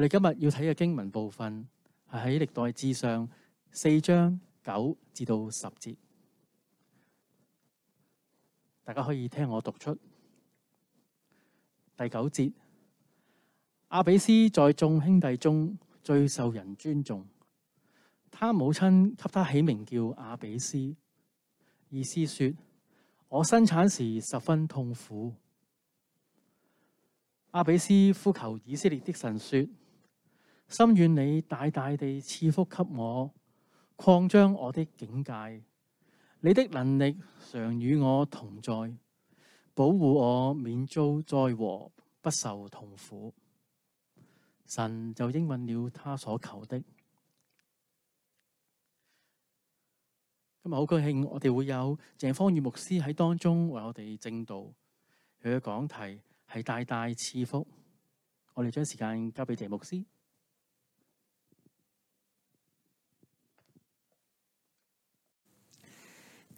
我哋今日要睇嘅經文部分係喺歷代志上四章九至到十節，大家可以聽我讀出第九節：阿比斯在眾兄弟中最受人尊重，他母親給他起名叫阿比斯，意思說我生產時十分痛苦。阿比斯呼求以色列的神說。心願你大大地賜福給我，擴張我的境界。你的能力常與我同在，保護我免遭災禍，不受痛苦。神就應允了他所求的。今日好高興，我哋會有鄭方宇牧師喺當中為我哋證道。佢嘅講題係大大賜福。我哋將時間交俾鄭牧師。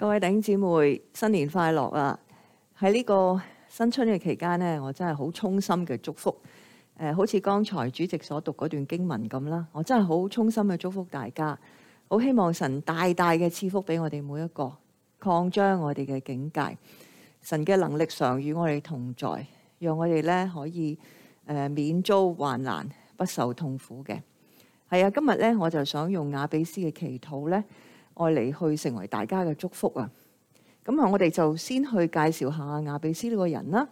各位弟兄姊妹，新年快樂啊！喺呢個新春嘅期間呢，我真係好衷心嘅祝福。誒，好似剛才主席所讀嗰段經文咁啦，我真係好衷心嘅祝福大家。好希望神大大嘅賜福俾我哋每一個，擴張我哋嘅境界。神嘅能力常與我哋同在，讓我哋咧可以誒免遭患難，不受痛苦嘅。係啊，今日咧我就想用雅比斯嘅祈禱咧。愛嚟去成為大家嘅祝福啊！咁啊，我哋就先去介紹下亞比斯呢個人啦，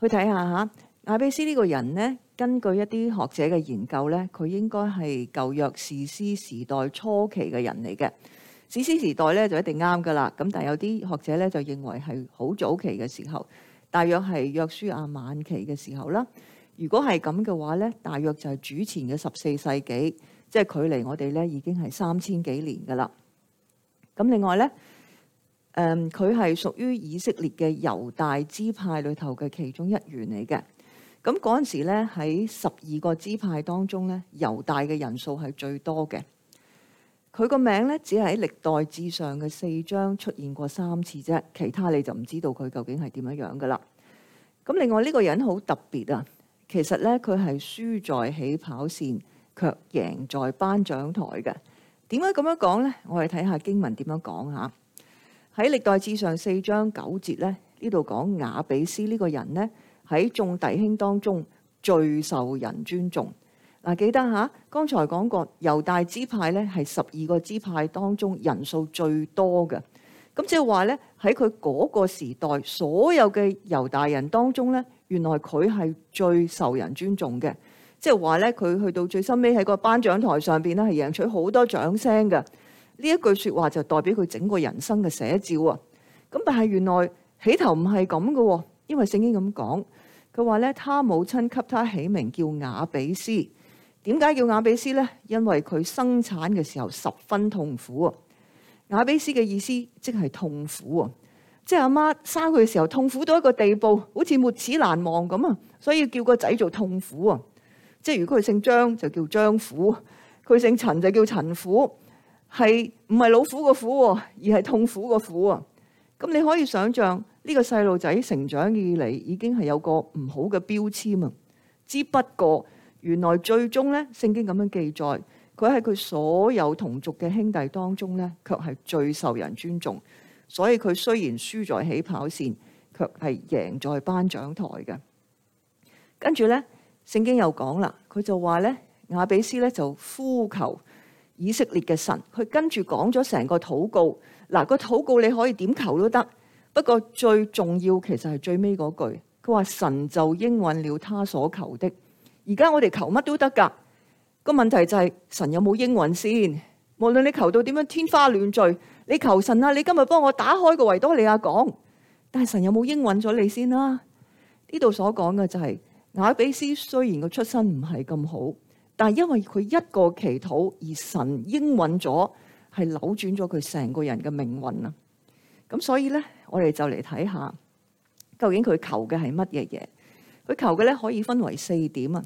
去睇下嚇亞比斯呢個人呢，根據一啲學者嘅研究呢，佢應該係舊約士師時代初期嘅人嚟嘅。士師時代呢，就一定啱噶啦。咁但係有啲學者呢，就認為係好早期嘅時候，大約係約書亞晚期嘅時候啦。如果係咁嘅話呢，大約就係主前嘅十四世紀。即係距離我哋咧已經係三千幾年噶啦。咁另外咧，誒佢係屬於以色列嘅猶大支派裏頭嘅其中一員嚟嘅。咁嗰陣時咧，喺十二個支派當中咧，猶大嘅人數係最多嘅。佢個名咧，只係喺歷代至上歷代志上嘅四章出現過三次啫，其他你就唔知道佢究竟係點樣樣噶啦。咁另外呢、呢個人好特別啊，其實咧佢係輸在起跑線，卻贏在頒獎台嘅，點解咁樣講呢？我哋睇下經文點樣講吓。喺歷代志上四章九節咧，呢度講雅比斯呢個人呢，喺眾弟兄當中最受人尊重。嗱，記得吓，剛才講過猶大支派咧係十二個支派當中人數最多嘅，咁即係話咧喺佢嗰個時代所有嘅猶大人當中咧，原來佢係最受人尊重嘅。即係話咧，佢去到最深尾喺個頒獎台上邊咧，係贏取好多掌聲嘅。呢一句説話就代表佢整個人生嘅寫照啊！咁但係原來起頭唔係咁嘅，因為聖經咁講，佢話咧，他母親給他起名叫雅比斯。點解叫雅比斯呢？因為佢生產嘅時候十分痛苦啊！雅比斯嘅意思即係痛苦啊！即係阿媽生佢嘅時候痛苦到一個地步，好似沒齒難忘咁啊！所以叫個仔做痛苦啊！即係如果佢姓張就叫張虎，佢姓陳就叫陳虎，係唔係老虎個虎，而係痛苦個苦啊！咁你可以想象，呢個細路仔成長以嚟，已經係有個唔好嘅標籤啊！之不過原來最終咧，聖經咁樣記載，佢喺佢所有同族嘅兄弟當中咧，卻係最受人尊重。所以佢雖然輸在起跑線，卻係贏在頒獎台嘅。跟住咧。聖經又講啦，佢就話咧，亞比斯咧就呼求以色列嘅神，佢跟住講咗成個禱告。嗱，個禱告你可以點求都得，不過最重要其實係最尾嗰句，佢話神就應允了他所求的。而家我哋求乜都得噶，個問題就係神有冇應允先？無論你求到點樣天花亂墜，你求神啊，你今日幫我打開個維多利亞港，但係神有冇應允咗你先啦？呢度所講嘅就係。雅比斯雖然個出身唔係咁好，但係因為佢一個祈禱而神應允咗，係扭轉咗佢成個人嘅命運啊！咁所以咧，我哋就嚟睇下究竟佢求嘅係乜嘢嘢？佢求嘅咧可以分為四點啊。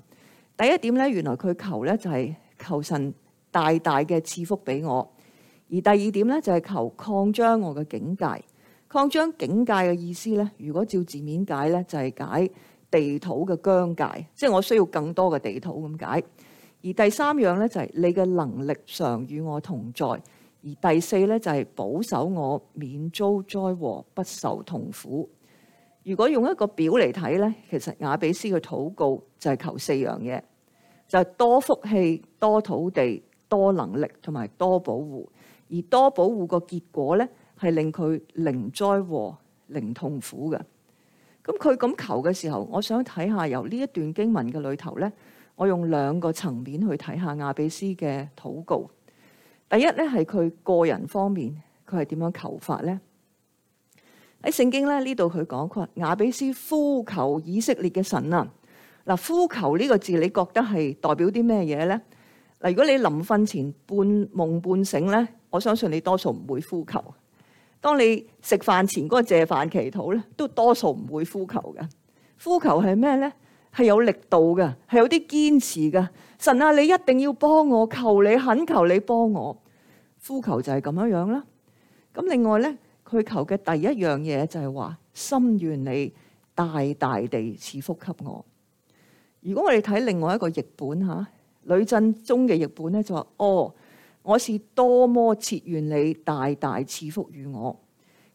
第一點咧，原來佢求咧就係求神大大嘅賜福俾我；而第二點咧就係求擴張我嘅境界。擴張境界嘅意思咧，如果照字面解咧，就係、是、解。地土嘅疆界，即係我需要更多嘅地土咁解。而第三樣呢，就係你嘅能力常與我同在。而第四呢，就係保守我免遭災禍、不受痛苦。如果用一個表嚟睇呢，其實雅比斯嘅禱告就係求四樣嘢，就係多福氣、多土地、多能力同埋多保護。而多保護個結果呢，係令佢零災禍、零痛苦嘅。咁佢咁求嘅時候，我想睇下由呢一段經文嘅裏頭咧，我用兩個層面去睇下亞比斯嘅禱告。第一咧係佢個人方面，佢係點樣求法咧？喺聖經咧呢度佢講過亞比斯呼求以色列嘅神啊，嗱，呼求呢個字你覺得係代表啲咩嘢咧？嗱，如果你臨瞓前半夢半醒咧，我相信你多數唔會呼求。當你食飯前嗰個謝飯祈禱咧，都多數唔會呼求嘅。呼求係咩咧？係有力度嘅，係有啲堅持嘅。神啊，你一定要幫我，求你懇求你幫我。呼求就係咁樣樣啦。咁另外咧，佢求嘅第一樣嘢就係話，心願你大大地賜福給我。如果我哋睇另外一個譯本嚇，呂振中嘅譯本咧，就話哦。我是多麼切願你大大賜福於我。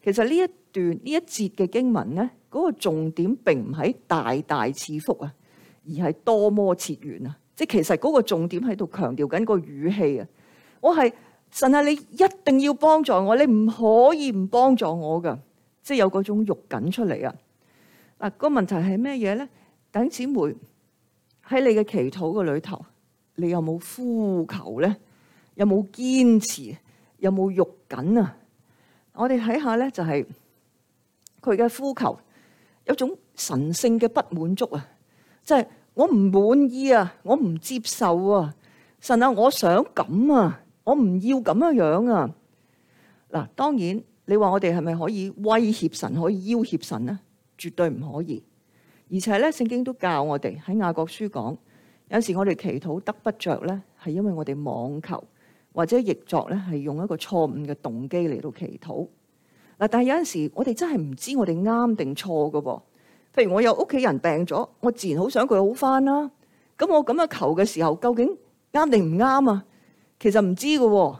其實呢一段呢一節嘅經文咧，嗰、那個重點並唔係大大賜福啊，而係多麼切願啊。即係其實嗰個重點喺度強調緊個語氣啊。我係神啊，你一定要幫助我，你唔可以唔幫助我噶。即係有嗰種肉緊出嚟啊。嗱、那，個問題係咩嘢咧？等姊妹喺你嘅祈禱嘅裏頭，你有冇呼求咧？有冇堅持？有冇喐緊啊？我哋睇下咧，就係佢嘅呼求，有種神聖嘅不滿足啊！即係我唔滿意啊，我唔接受啊！神啊，我想咁啊，我唔要咁嘅樣啊！嗱，當然你話我哋係咪可以威脅神，可以要脅神咧？絕對唔可以。而且咧，聖經都教我哋喺雅各書講，有時我哋祈禱得不着咧，係因為我哋妄求。或者譯作咧，係用一個錯誤嘅動機嚟到祈禱嗱，但係有陣時我哋真係唔知我哋啱定錯嘅噃。譬如我有屋企人病咗，我自然很想好想佢好翻啦。咁我咁樣求嘅時候，究竟啱定唔啱啊？其實唔知嘅喎。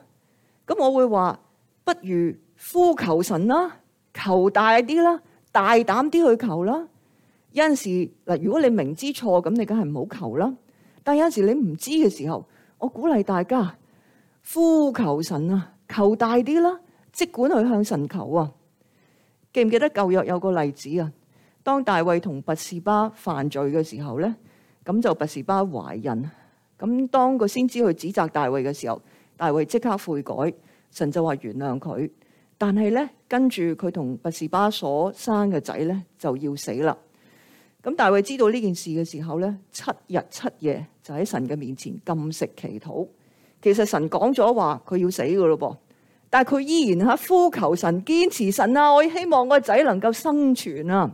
咁我會話不如呼求神啦，求大啲啦，大膽啲去求啦。有陣時嗱，如果你明知錯咁，你梗係唔好求啦。但係有陣時你唔知嘅時候，我鼓勵大家。呼求神啊，求大啲啦！即管去向神求啊！記唔記得舊約有個例子啊？當大衛同拔士巴犯罪嘅時候咧，咁就拔士巴懷孕。咁當個先知去指責大衛嘅時候，大衛即刻悔改，神就話原諒佢。但係咧，跟住佢同拔士巴所生嘅仔咧就要死啦。咁大衛知道呢件事嘅時候咧，七日七夜就喺神嘅面前禁食祈禱。其實神講咗話佢要死噶咯噃，但係佢依然吓呼求神，堅持，神啊！我希望我個仔能夠生存啊！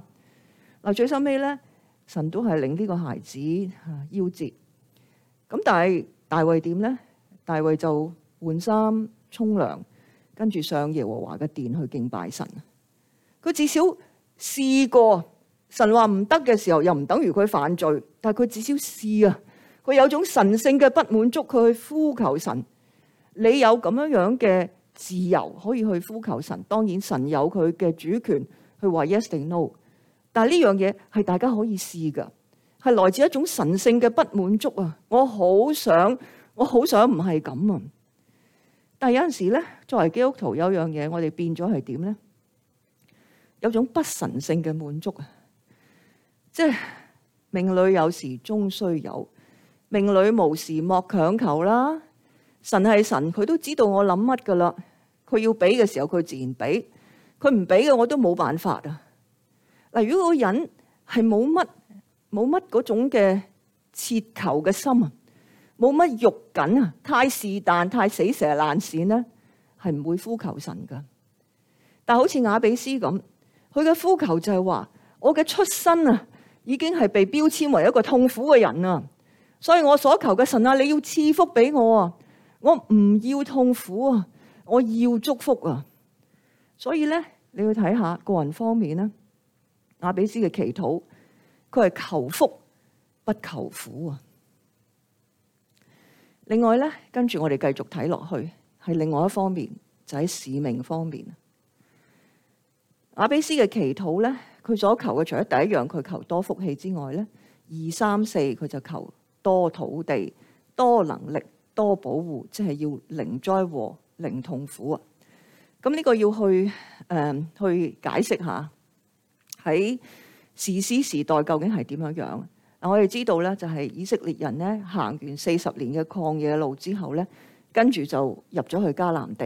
嗱，最收尾咧，神都係令呢個孩子吓夭折。咁但係大衛點咧？大衛就換衫、沖涼，跟住上耶和華嘅殿去敬拜神。佢至少試過，神話唔得嘅時候又唔等於佢犯罪，但係佢至少試啊。佢有種神性嘅不滿足，佢去呼求神。你有咁樣樣嘅自由可以去呼求神，當然神有佢嘅主權去話 yes 定 no。但係呢樣嘢係大家可以試㗎，係來自一種神性嘅不滿足啊！我好想，我好想唔係咁啊！但係有陣時咧，作為基督徒有樣嘢，我哋變咗係點咧？有種不神性嘅滿足啊！即係命裏有時終須有。命裏無時莫強求啦。神係神，佢都知道我諗乜噶啦。佢要俾嘅時候，佢自然俾；佢唔俾嘅，我都冇辦法啊。嗱，如果個人係冇乜冇乜嗰種嘅切求嘅心啊，冇乜肉緊啊，太是但，太死蛇爛鱔咧，係唔會呼求神噶。但係好似雅比斯咁，佢嘅呼求就係話：我嘅出身啊，已經係被標籤為一個痛苦嘅人啊。所以我所求嘅神啊，你要賜福俾我啊，我唔要痛苦啊，我要祝福啊。所以咧，你要睇下個人方面咧，阿比斯嘅祈禱，佢係求福不求苦啊。另外咧，跟住我哋繼續睇落去，係另外一方面就喺使命方面。阿比斯嘅祈禱咧，佢所求嘅除咗第一樣佢求多福氣之外咧，二三四佢就求。多土地、多能力、多保護，即係要零災禍、零痛苦啊！咁、這、呢個要去誒、呃、去解釋下喺士師時代究竟係點樣樣？嗱，我哋知道咧，就係以色列人咧行完四十年嘅曠野路之後咧，跟住就入咗去迦南地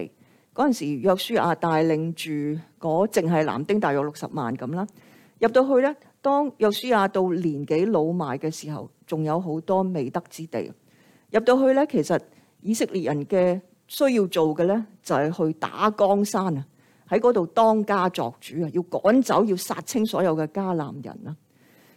嗰陣時，約書亞帶領住嗰淨係男丁大約六十萬咁啦，入到去咧。當約書亞到年紀老邁嘅時候，仲有好多未得之地。入到去呢，其實以色列人嘅需要做嘅呢，就係去打江山啊，喺嗰度當家作主啊，要趕走、要殺清所有嘅迦南人啊。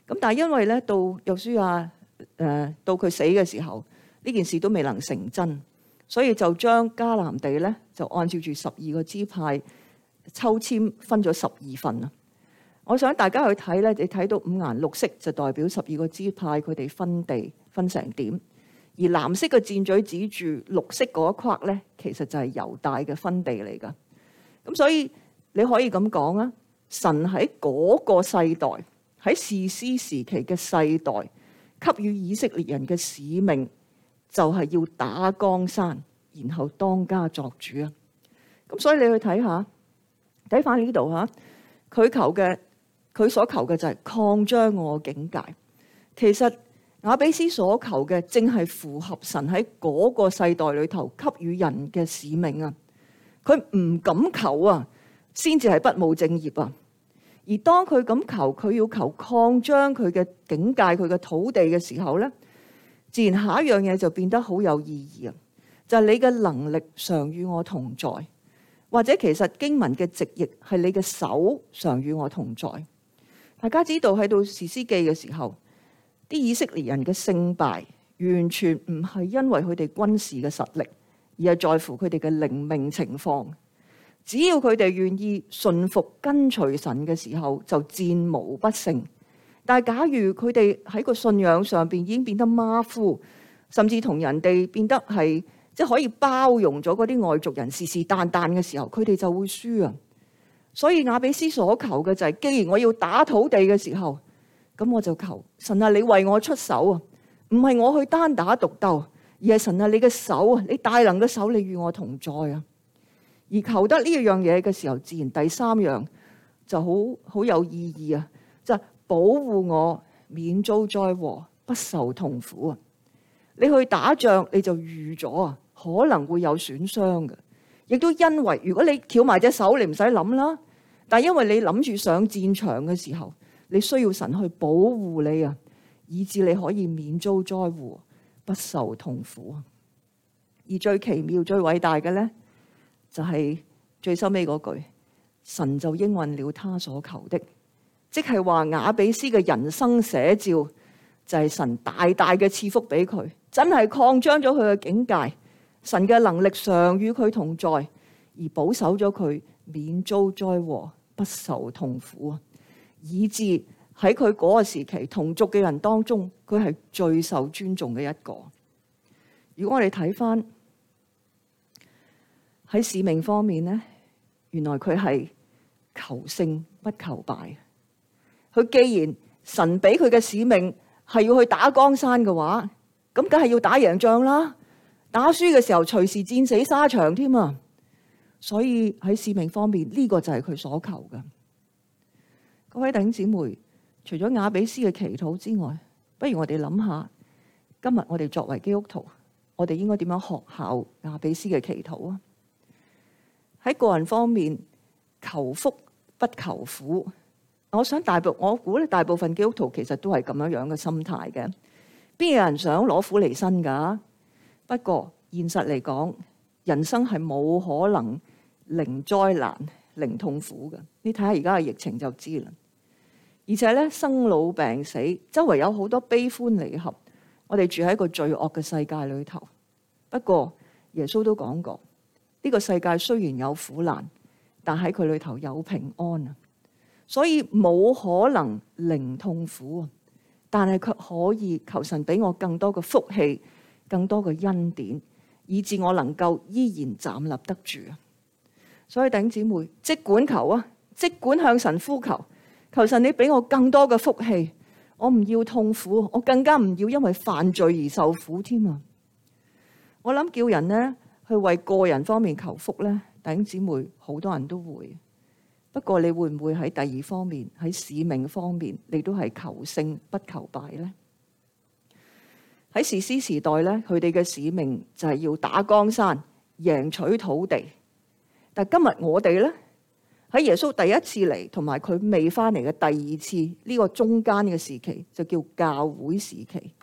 咁但係因為呢，到約書亞誒到佢死嘅時候，呢件事都未能成真，所以就將迦南地呢，就按照住十二個支派抽簽，分咗十二份啊。我想大家去睇咧，你睇到五顏六色就代表十二個支派佢哋分地分成點，而藍色嘅箭嘴指住綠色嗰一框咧，其實就係猶大嘅分地嚟㗎。咁所以你可以咁講啊，神喺嗰個世代喺士師時期嘅世代，給予以色列人嘅使命就係要打江山，然後當家作主啊。咁所以你去睇下，睇返呢度吓，佢求嘅。佢所求嘅就係擴張我境界。其實雅比斯所求嘅正係符合神喺嗰個世代裏頭給予人嘅使命啊！佢唔敢求啊，先至係不務正業啊。而當佢咁求，佢要求擴張佢嘅境界、佢嘅土地嘅時候咧，自然下一樣嘢就變得好有意義啊！就係、是、你嘅能力常與我同在，或者其實經文嘅直譯係你嘅手常與我同在。大家知道喺度士師記嘅時候，啲以色列人嘅勝敗完全唔係因為佢哋軍事嘅實力，而係在乎佢哋嘅靈命情況。只要佢哋願意信服跟隨神嘅時候，就戰無不勝。但係假如佢哋喺個信仰上邊已經變得馬虎，甚至同人哋變得係即係可以包容咗嗰啲外族人是是但但嘅時候，佢哋就會輸啊！所以雅比斯所求嘅就係、是，既然我要打土地嘅時候，咁我就求神啊，你為我出手啊，唔係我去單打獨鬥，而係神啊，你嘅手啊，你大能嘅手，你與我同在啊。而求得呢樣嘢嘅時候，自然第三樣就好好有意義啊，就係、保護我免遭災禍，不受痛苦啊。你去打仗，你就預咗啊，可能會有損傷嘅，亦都因為如果你翹埋隻手，你唔使諗啦。但因為你諗住上戰場嘅時候，你需要神去保護你啊，以致你可以免遭災禍，不受痛苦啊。而最奇妙、最偉大嘅咧，就係、是、最收尾嗰句：神就應允了他所求的，即係話雅比斯嘅人生寫照，就係、是、神大大嘅賜福俾佢，真係擴張咗佢嘅境界，神嘅能力常與佢同在，而保守咗佢免遭災禍。不受痛苦啊，以至喺佢嗰個時期，同族嘅人當中，佢係最受尊重嘅一個。如果我哋睇翻喺使命方面咧，原來佢係求勝不求敗。佢既然神俾佢嘅使命係要去打江山嘅話，咁梗係要打贏仗啦。打輸嘅時候，隨時戰死沙場添啊！所以喺使命方面，呢個就係佢所求嘅。各位弟兄姊妹，除咗雅比斯嘅祈禱之外，不如我哋諗下，今日我哋作為基督徒，我哋應該點樣學效雅比斯嘅祈禱啊？喺個人方面，求福不求苦。我想大部，我估咧，大部分基督徒其實都係咁樣樣嘅心態嘅。邊有人想攞苦嚟身噶？不過現實嚟講，人生係冇可能，零災難、零痛苦嘅，你睇下而家嘅疫情就知啦。而且咧，生老病死，周圍有好多悲歡離合。我哋住喺一個罪惡嘅世界裏頭。不過，耶穌都講過，呢個世界雖然有苦難，但喺佢裏頭有平安啊。所以冇可能零痛苦啊，但係卻可以求神俾我更多嘅福氣，更多嘅恩典，以致我能夠依然站立得住啊。所以弟兄姊妹，即管求啊，即管向神呼求，求神你俾我更多嘅福氣，我唔要痛苦，我更加唔要因為犯罪而受苦添啊！我諗叫人呢，去為個人方面求福咧，弟兄姊妹好多人都會。不過你會唔會喺第二方面，喺使命方面，你都係求勝不求敗咧？喺士師時代咧，佢哋嘅使命就係要打江山、贏取土地。但今日我哋咧，喺耶穌第一次嚟，同埋佢未翻嚟嘅第二次呢個中間嘅時期，就叫教會時期。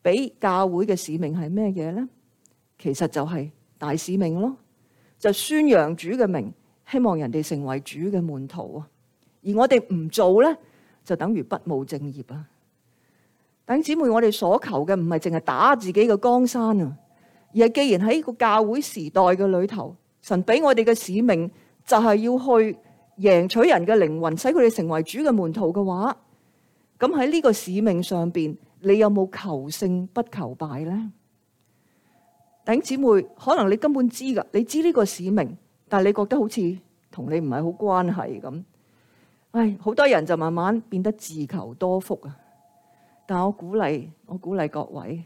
俾教會嘅使命係咩嘢呢？其實就係大使命咯，就是，宣揚主嘅名，希望人哋成為主嘅門徒啊！而我哋唔做呢，就等於不務正業啊！等姊妹，我哋所求嘅唔係淨係打自己嘅江山啊，而係既然喺個教會時代嘅裏頭。神俾我哋嘅使命就係要去贏取人嘅靈魂，使佢哋成為主嘅門徒嘅話，咁喺呢個使命上邊，你有冇求勝不求敗呢？弟兄姊妹，可能你根本知噶，你知呢個使命，但係你覺得好似同你唔係好關係咁。唉，好多人就慢慢變得自求多福啊！但我鼓勵，我鼓勵各位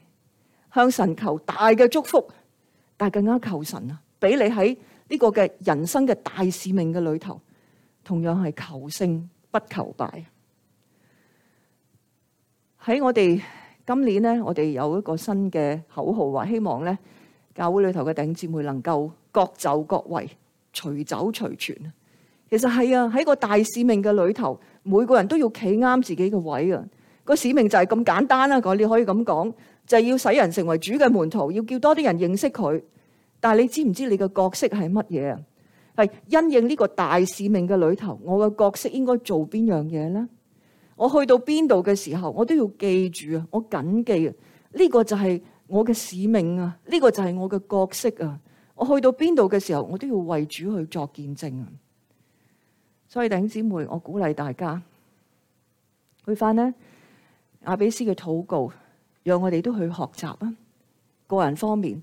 向神求大嘅祝福，但係更加求神啊！俾你喺呢個嘅人生嘅大使命嘅裏頭，同樣係求勝不求敗。喺我哋今年呢，我哋有一個新嘅口號，話希望呢教會裏頭嘅弟兄姊妹能夠各就各位，隨走隨傳。其實係啊，喺個大使命嘅裏頭，每個人都要企啱自己嘅位啊。個使命就係咁簡單啦，你可以咁講，就係、是、要使人成為主嘅門徒，要叫多啲人認識佢。但係你知唔知你嘅角色係乜嘢啊？係因應呢個大使命嘅裏頭，我嘅角色應該做邊樣嘢咧？我去到邊度嘅時候，我都要記住啊，我謹記啊，呢個就係我嘅使命啊，呢個就係我嘅角色啊。我去到邊度嘅時候，我都要為主去作見證啊。所以弟兄姊妹，我鼓勵大家去翻咧阿比斯嘅禱告，讓我哋都去學習啊。個人方面。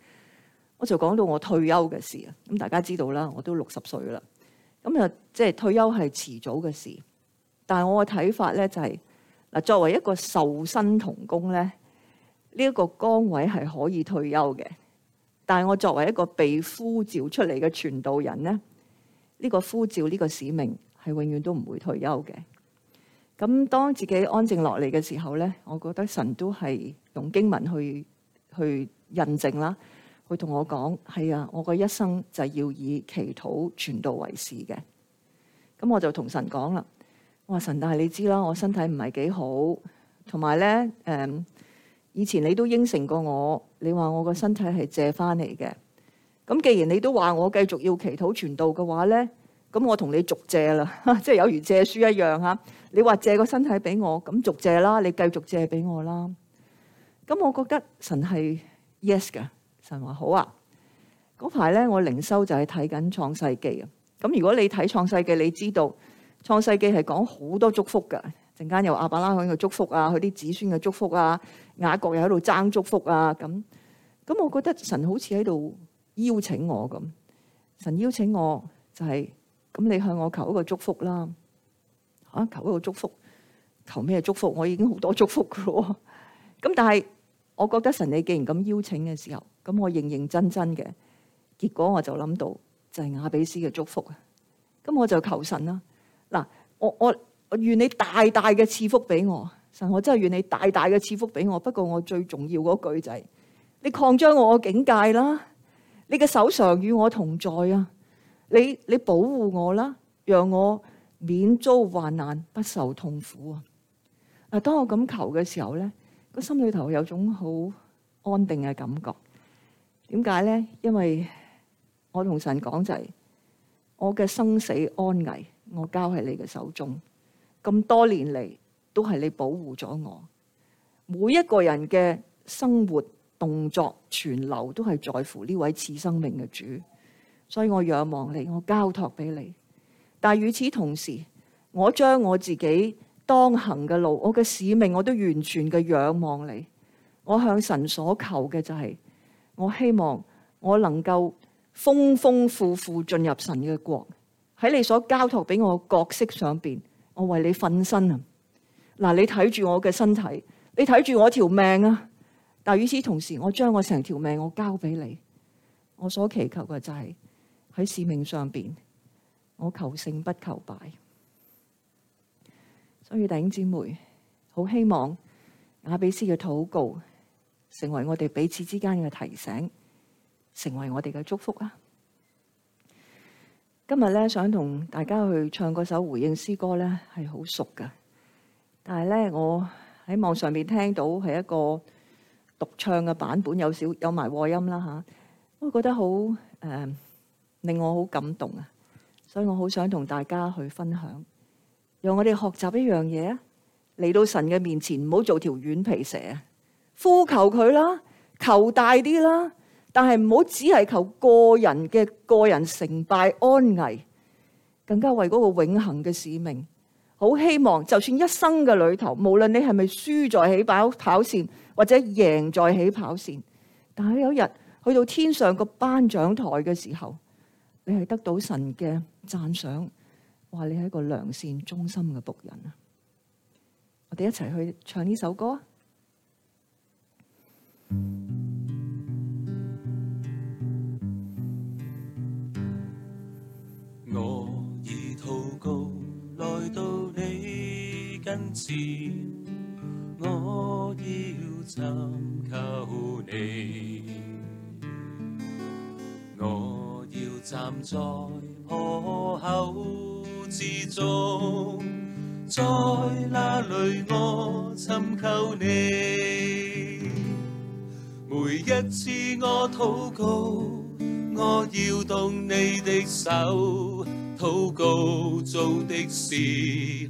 我就講到我退休嘅事啊，咁大家知道啦，我都六十歲啦，咁就即係退休係遲早嘅事。但係我嘅睇法咧就係嗱，作為一個受薪同工咧，呢一個崗位係可以退休嘅。但係我作為一個被呼召出嚟嘅傳道人咧，呢個呼召呢個使命係永遠都唔會退休嘅。咁當自己安靜落嚟嘅時候咧，我覺得神都係用經文去去印證啦。佢同我講：係啊，我個一生就要以祈禱傳道為事嘅。咁我就同神講啦，我話神，但係你知啦，我身體唔係幾好，同埋咧，誒、嗯，以前你都應承過我，你話我個身體係借翻嚟嘅。咁既然你都話我繼續要祈禱傳道嘅話咧，咁我同你續借啦， 即係有如借書一樣吓。你話借個身體俾我，咁續借啦，你繼續借俾我啦。咁我覺得神係 yes 噶。神話好啊！嗰排咧，我靈修就係睇緊創世記啊。咁如果你睇創世記，你知道創世記係講好多祝福噶。陣間又亞伯拉罕嘅祝福啊，佢啲子孫嘅祝福啊，雅各又喺度爭祝福啊。咁咁，我覺得神好似喺度邀請我咁。神邀請我就係、是、咁，你向我求一個祝福啦吓、啊，求一個祝福，求咩祝福？我已經好多祝福噶咯。咁但係我覺得神你既然咁邀請嘅時候。咁我認認真真嘅，結果我就諗到就係雅比斯嘅祝福啊！咁我就求神啦。嗱，我我我願你大大嘅賜福俾我神，我真係願你大大嘅賜福俾我。不過我最重要嗰句就係你擴張我嘅境界啦，你嘅手上與我同在啊！你你保護我啦，讓我免遭患難，不受痛苦啊！嗱，當我咁求嘅時候咧，個心裏頭有種好安定嘅感覺。點解呢？因為我同神講，就係我嘅生死安危，我交喺你嘅手中。咁多年嚟都係你保護咗我，每一個人嘅生活動作，全流都係在乎呢位賜生命嘅主。所以我仰望你，我交託俾你。但係與此同時，我將我自己當行嘅路，我嘅使命，我都完全嘅仰望你。我向神所求嘅就係，是。我希望我能夠豐豐富富進入神嘅國，喺你所交託俾我嘅角色上邊，我為你瞓身啊！嗱，你睇住我嘅身體，你睇住我條命啊！但與此同時，我將我成條命我交俾你。我所祈求嘅就係喺使命上邊，我求勝不求敗。所以弟兄姊妹，好希望雅比斯嘅禱告。成為我哋彼此之間嘅提醒，成為我哋嘅祝福啦。今日咧，想同大家去唱個首回應詩歌咧，係好熟噶。但係咧，我喺網上面聽到係一個獨唱嘅版本，有少有埋和音啦吓，我覺得好誒、嗯，令我好感動啊！所以我好想同大家去分享，讓我哋學習一樣嘢啊！嚟到神嘅面前，唔好做條軟皮蛇啊！呼求佢啦，求大啲啦，但係唔好只係求個人嘅，個人成敗安危，更加為嗰個永恒嘅使命。好希望，就算一生嘅旅途，無論你係咪輸在起跑跑線或者贏在起跑線，但係有一日去到天上個頒獎台嘅時候，你係得到神嘅讚賞，話你係一個良善忠心嘅僕人啊！我哋一齊去唱呢首歌啊！我要尋求你。我要站在破口之中，在哪裏我尋求你？每一次我禱告，我要動你的手，禱告做的事。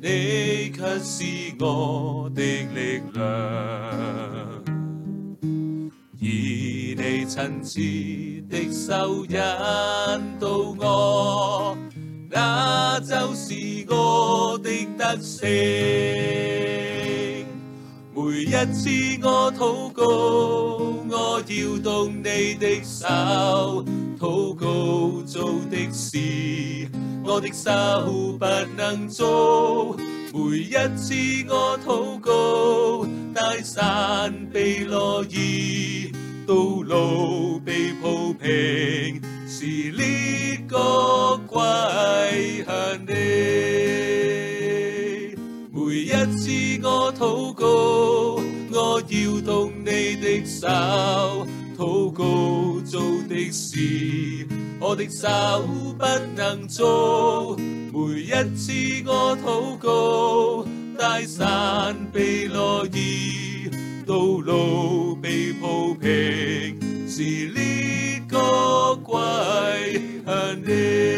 你卻是我的力量，以你親切的手引導我，那就是我的得勝。每一次我禱告，我搖動你的手，禱告做的事。我的手不能做，每一次我禱告，大山被挪移，道路被鋪平，是呢個怪異的。每一次我禱告，我要動你的手，禱告做的事。我的手不能做，每一次我禱告，大山被挪移，道路被鋪平，是呢個鬼向人。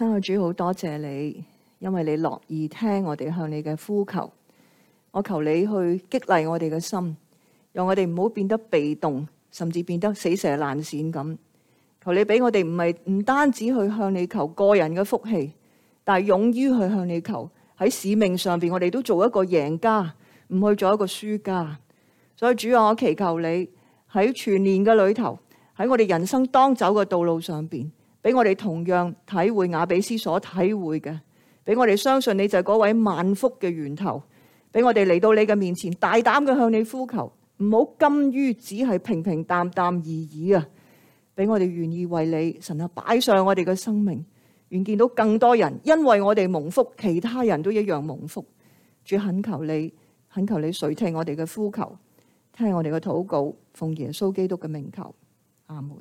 天主，好多謝你，因為你樂意聽我哋向你嘅呼求，我求你去激勵我哋嘅心，讓我哋唔好變得被動，甚至變得死蛇爛鱔咁。求你俾我哋唔係唔單止去向你求個人嘅福氣，但係勇於去向你求喺使命上邊，我哋都做一個贏家，唔去做一個輸家。所以主要我祈求你喺全年嘅裏頭，喺我哋人生當走嘅道路上邊。俾我哋同樣體會雅比斯所體會嘅，俾我哋相信你就係嗰位萬福嘅源頭，俾我哋嚟到你嘅面前大膽嘅向你呼求，唔好甘於只係平平淡淡而已啊！俾我哋願意為你，神啊擺上我哋嘅生命，願見到更多人因為我哋蒙福，其他人都一樣蒙福。主懇求你，懇求你垂聽我哋嘅呼求，聽我哋嘅禱告，奉耶穌基督嘅名求，阿門。